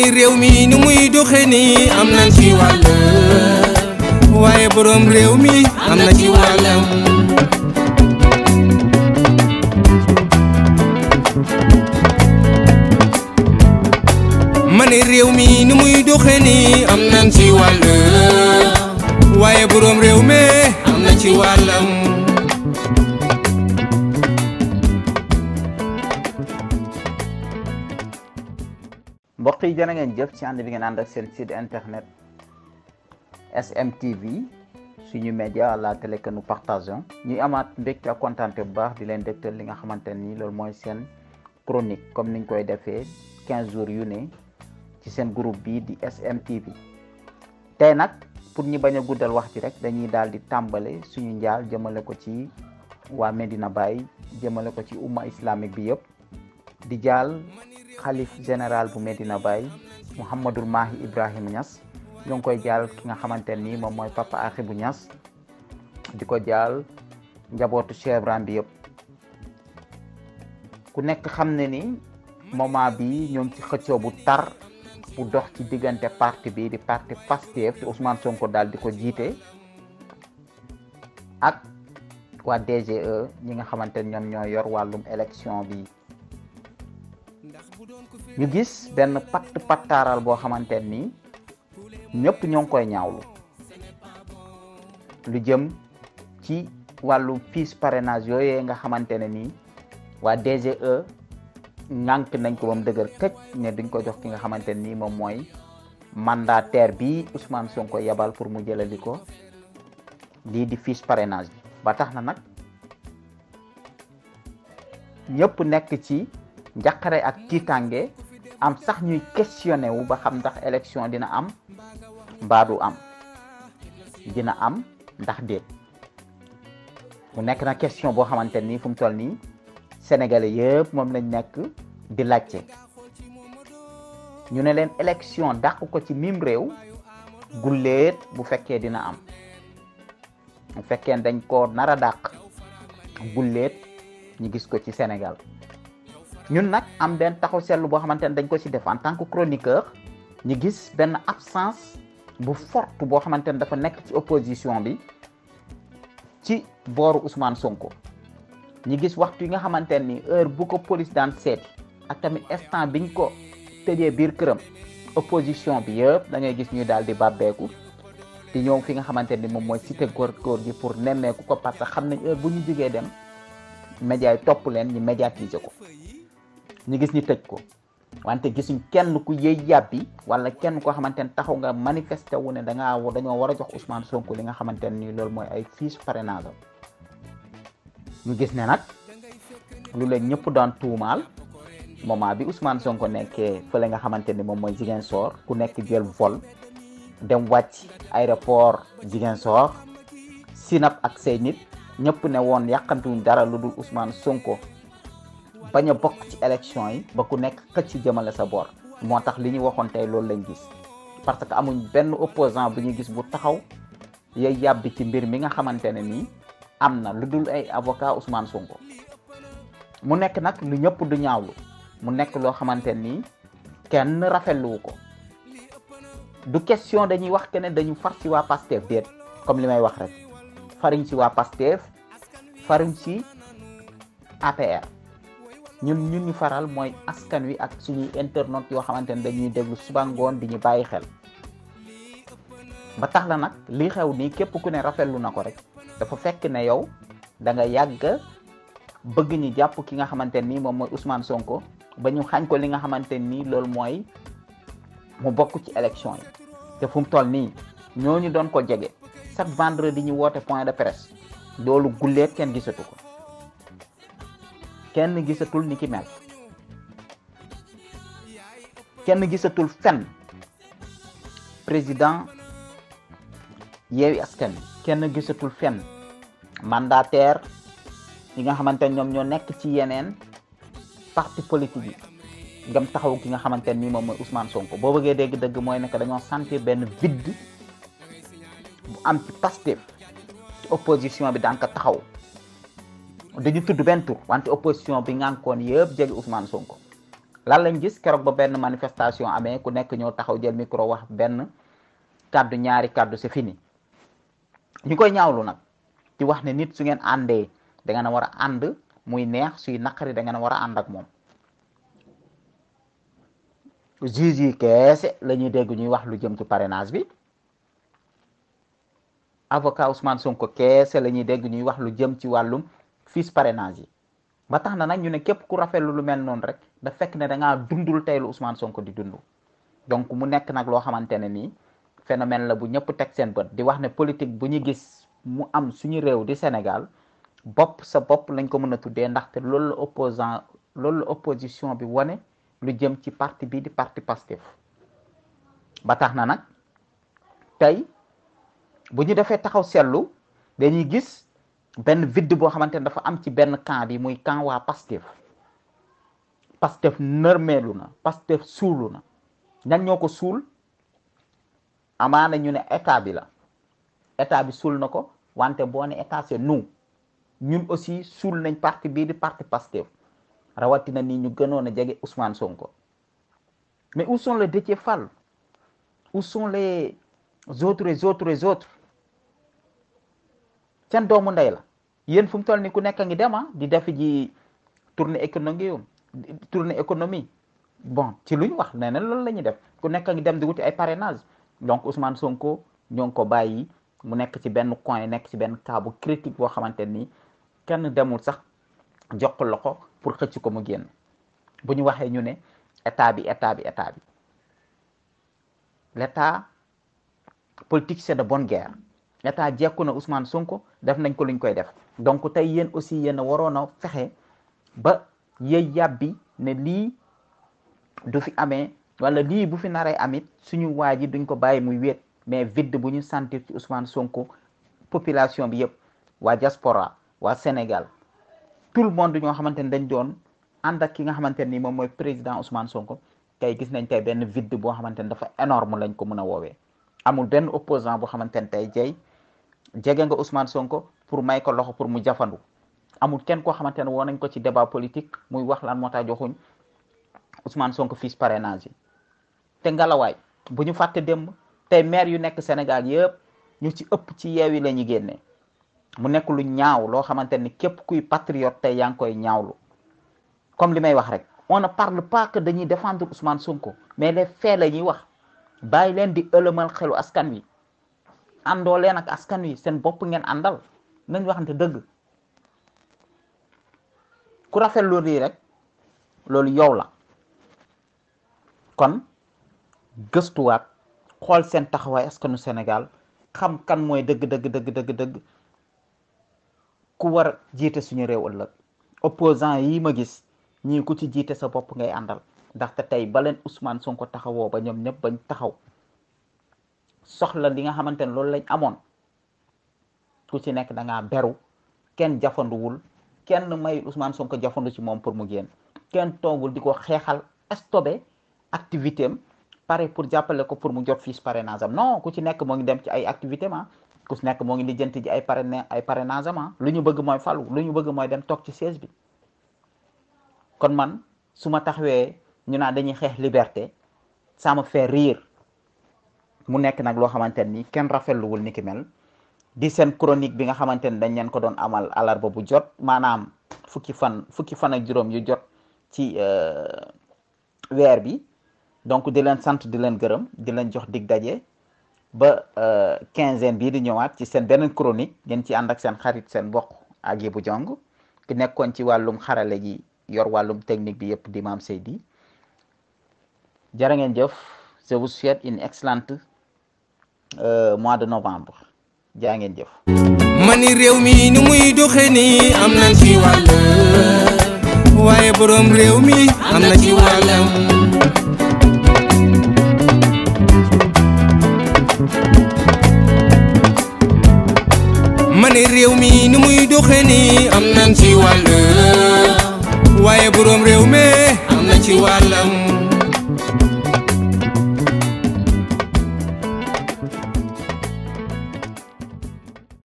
ni réew mi ni muy doxe nii am nañ ci wàll waaye boroom réew mi am na ci wàllam ma ne réew mi ni muy doxe nii am nañ ci mi yi jërë ngeen jëf ci ànd bi ngeen ànd ak seen site internet SMTV suñu média la télé que nous partageons ñuy amaat mbégte ak bu baax di leen dégtal li nga xamante ni loolu mooy seen chronique comme niñ koy defee 15 jours yu ne ci seen groupe bii di SMTV tey nag pour ñu bañ a guddal wax ci rek dañuy daal di tàmbale suñu njaal jëmale ko ci waa Medina Baye jëmale ko ci umma islamique bi yëpp di jaal xalif général bu Medina Baye Mouhamadul Mahi Ibrahima Niass ñu ngi koy jaal ki nga xamante ni moom mooy papa Akhibou Niass di ko jaal njabootu Cheikh bi yëpp ku nekk xam ne ni moment bi ñoo ci xëccoo bu tar bu dox ci diggante parti bi di parti Pastef te Ousmane Sonko daal di ko jiite ak wa DGE ñi nga xamante ni ñoom ñoo yor wàllum élection bi ñu gis benn patt pattaaral boo xamante ni ñëpp ñoo ngi koy ñaawlu lu jëm ci wàllu piis parrainage yooyee nga xamante ne nii waa DGE ŋànk nañ ko ba dëgër këj ne duñ ko jox ki nga xamante ne nii moom mooy mandateer bi Ousmane Sonko yabal pour mu jëlali ko lii di fiche parrainage bi ba tax na nag ñëpp nekk ci njaqare ak tiitange am sax ñuy questionné wu ba xam ndax élection dina am mbaadu am dina am ndax déet mu nekk na question boo xamante ni fu mu toll nii sénégalais yëpp moom lañ nekk di laajte ñu ne leen élection dàq ko ci miim réew gulleet bu fekkee dina am bu fekkee dañ ko nara a dàq gulleet ñu gis ko ci Sénégal ñun nag am benn taxu seetlu boo xamante ne dañ ko ci def en tant que chroniqueur ñu gis benn absence bu fort boo xamante ne dafa nekk ci opposition bi ci booru Ousmane Sonko ñu gis waxtu yi nga xamante ni heure bu ko police daan seeti ak tamit instant biñ ko tëjee biir këram opposition bi yëpp da ngay gis ñuy daal di bàbbeeku di ñëw fi nga xamante ni moom mooy cité góor góor gi pour nemmeeku ko parce que xam nañ heure bu ñu jógee dem média yi topp leen ñu médiatiser ko ñu gis ni tëj ko wante gisuñ kenn ku yëy yàbbi wala kenn koo xamante ne taxaw nga manifesté wu ne da dañoo war a jox Ousmane Sonko li nga xamante ne nii loolu mooy ay fiche parrainage ñu gis ne nag lu leen ñëpp daan tuumaal moment bi Ousmane Sonko nekkee fële nga xamante ni moom mooy Ziguinchor ku nekk jël vol dem wàcc aéroport Ziguinchor sinap ak say nit ñëpp ne woon yàqantuñ dara lu dul Ousmane Sonko. bañ a bokk ci élection yi ba ku nekk xëcc jëmale sa boor moo tax li ñuy waxoon tey loolu lañ gis parce que amuñ benn opposant bu ñu gis bu taxaw yoy yàbbi ci mbir mi nga xamante ne nii am na lu dul ay avocat Ousmane Sonko mu nekk nag lu ñëpp du ñaawlu mu nekk loo xamante nii kenn rafetluwu ko du question dañuy wax keneen ne dañu far ci waa Pastef déet comme li may wax rek fariñ ci waa Pastef fariñ ci APR ñun ñun ñu faral mooy askan wi ak suñuy internet yoo xamante ne dañuy déglu suba ngoon di ñu bàyyi xel ba tax la nag li xew nii képp ku ne rafetlu na ko rek dafa fekk ne yow da nga yàgg bëgg ñu jàpp ki nga xamante ne nii moom mooy Ousmane Sonko ba ñu xañ ko li nga xamante nii loolu mooy mu bokk ci élection yi te fu mu toll nii ñoo ñooñu doon ko jege chaque vendredi ñu woote point de presse loolu gulleet kenn gisatu ko kenn gisatul ni ki mel kenn gisatul fenn président yeewi askan kenn gisatul fenn mandataire ki nga xamante ne ñoom ñoo nekk ci yeneen parti politique yi ngam taxaw ki nga xamante ni moom mooy Ousmane Sonko boo bëggee dégg dëgg mooy nekk dañoo sentir benn vide bu am ci Pastef ci opposition bi daan taxaw dañu tudd benn tur wante opposition bi ngànkoon yëpp jëli Ousmane Sonko lan lañ gis keroog ba benn manifestation amee ku nekk ñoo taxaw jël micro wax benn kàddu ñaari kàddu c'est ñu koy ñaawlu nag di wax ne nit su ngeen àndee da ngeen a war a ànd muy neex suy naqari da ngeen a war a ànd ak moom juge yi keese la ñuy dégg ñuy wax lu jëm ci parrainage bi avocat Ousmane Sonko keese la ñuy ñuy wax lu jëm ci wàllum fiche parrainage ba tax na nag ñu ne képp ku rafetlu lu mel noonu rek da fekk ne da ngaa dundul tey lu Ousmane Sonko di dund donc mu nekk nag loo xamante ne nii phénomène la bu ñëpp teg seen bët di wax ne politique bu ñu gis mu am suñu réew di Sénégal bopp sa bopp lañ ko mën a tuddee ndaxte loolu la opposant loolu la opposition bi wane lu jëm ci parti bi di parti Pastef ba tax na nag tey bu ñu defee taxaw seetlu dañuy gis benn vide boo xamante ne dafa am ci benn camp bi muy camp waa Pastef Pastef nërmeelu na Pastef suulu na ñan ñoo ko suul amaana ñu ne état bi la état bi suul na ko wante boo ne état c'est ñun aussi suul nañ parti bii di parti Pastef rawatina ni ñu gënoon a jege Ousmane Sonko mais où sont les Déthié Fall où sont les autres seen doomu ndey la yéen fu mu toll ni ku nekk ngi dema ah, di def ji tournée économique tournée économie bon ci lu ñu wax nee na loolu la ñuy def ku nekk ngi dem di wuti ay parrainage donc Ousmane Sonko ñoo ngi ko bàyyi mu nekk ci benn coin nekk ci benn cas bu critique boo xamante ni kenn demul sax jox ko loxo pour xëcc ko mu génn bu ñu waxee ñu ne état bi état bi état bi l' état politique c' est de bonne guerre. état jekku na Ousmane Sonko def nañ ko luñ koy def donc tey yéen aussi yéen a fexe ba yey yàbbi ne lii du fi amee walla lii bu fi naree amit suñu waa ji duñ ko bàyyi muy wéet mais vide bu ñu sentir ci Ousmane Sonko population bi yëpp waa jaspora waa Sénégal tout le monde ñoo xamante ne dañ doon ànd ak ki nga xamante ni moom mooy président Ousmane Sonko tey gis nañ tey benn vide boo xamante ne dafa énorme lañ ko mën a woowee amul benn opposant boo xamante ne tey jey jege nga Ousmane Sonko pour may ko loxo pour mu jafandu amul kenn koo xamante ne woo nañ ko ci débat politique muy wax lan moo tax joxuñ Ousmane Sonko fiche parrainage yi te ngalawaay bu ñu fàtte démb tey maire yu nekk Sénégal yëpp ñu ci ëpp ci yeewi la ñu génnee mu nekk lu ñaaw loo xamante ni képp kuy patriote tey yaa ngi koy ñaawlu comme li may wax rek on ne parle pas que dañuy défendre Ousmane Sonko mais les faits la ñuy wax bàyyi leen di ëlëmal xelu askan wi àndoo nag ak askan wi seen bopp ngeen àndal nañ waxante dëgg ku rafet lu lii rek loolu yow la kon gëstuwaat xool seen taxawaay askanu Sénégal xam kan mooy dëgg dëgg dëgg dëgg ku war jiite suñu réew ëllëg opposant yi ma gis ñii ku ci jiite sa bopp ngay àndal ndaxte tey baleen sun ko taxawoo ba ñoom ñëpp bañ taxaw soxla li nga xamante ne loolu lañ amoon ku ci nekk da ngaa beru kenn jafanduwul kenn may mayul Ousmane ko jafandu ci moom pour mu génn kenn toogul di ko xeexal stoppé activité am pare pour jàppale ko pour mu jot fiche parrainage am non ku ci nekk moo ngi dem ci ay activité ku ci nekk moo ngi lijjanti ji ay parrain ay parrainage am lu ñu bëgg mooy falu lu ñu bëgg mooy dem toog ci siège bi kon man su ma taxawee ñu naan dañuy xeex liberté ça me riir mu nekk nag loo xamante ni kenn rafetluwul ni ki mel di seen chronique bi nga xamante ni dañ leen ko doon amal alarba bu jot maanaam fukki fan fukki fan ak juróom yu jot ci euh, weer bi donc di leen sant di leen gërëm di leen jox dig daje ba quinze euh, quinzaine bii di ñëwaat ci seen beneen chronique ngeen ci ànd ak seen xarit seen mbokk ak yi bu jong ki nekkoon ci wàllum xarale ji yor wàllum technique bi yëpp di maam Seydi jërë ngeen jëf je vous souhaite une excellente Euh, mois de novembre jaa mani réew mi ni muy doxe nii am na ci wàllam. réew mi ni am nañ ci wàll waaye boroom réew mi am na ci wàllam.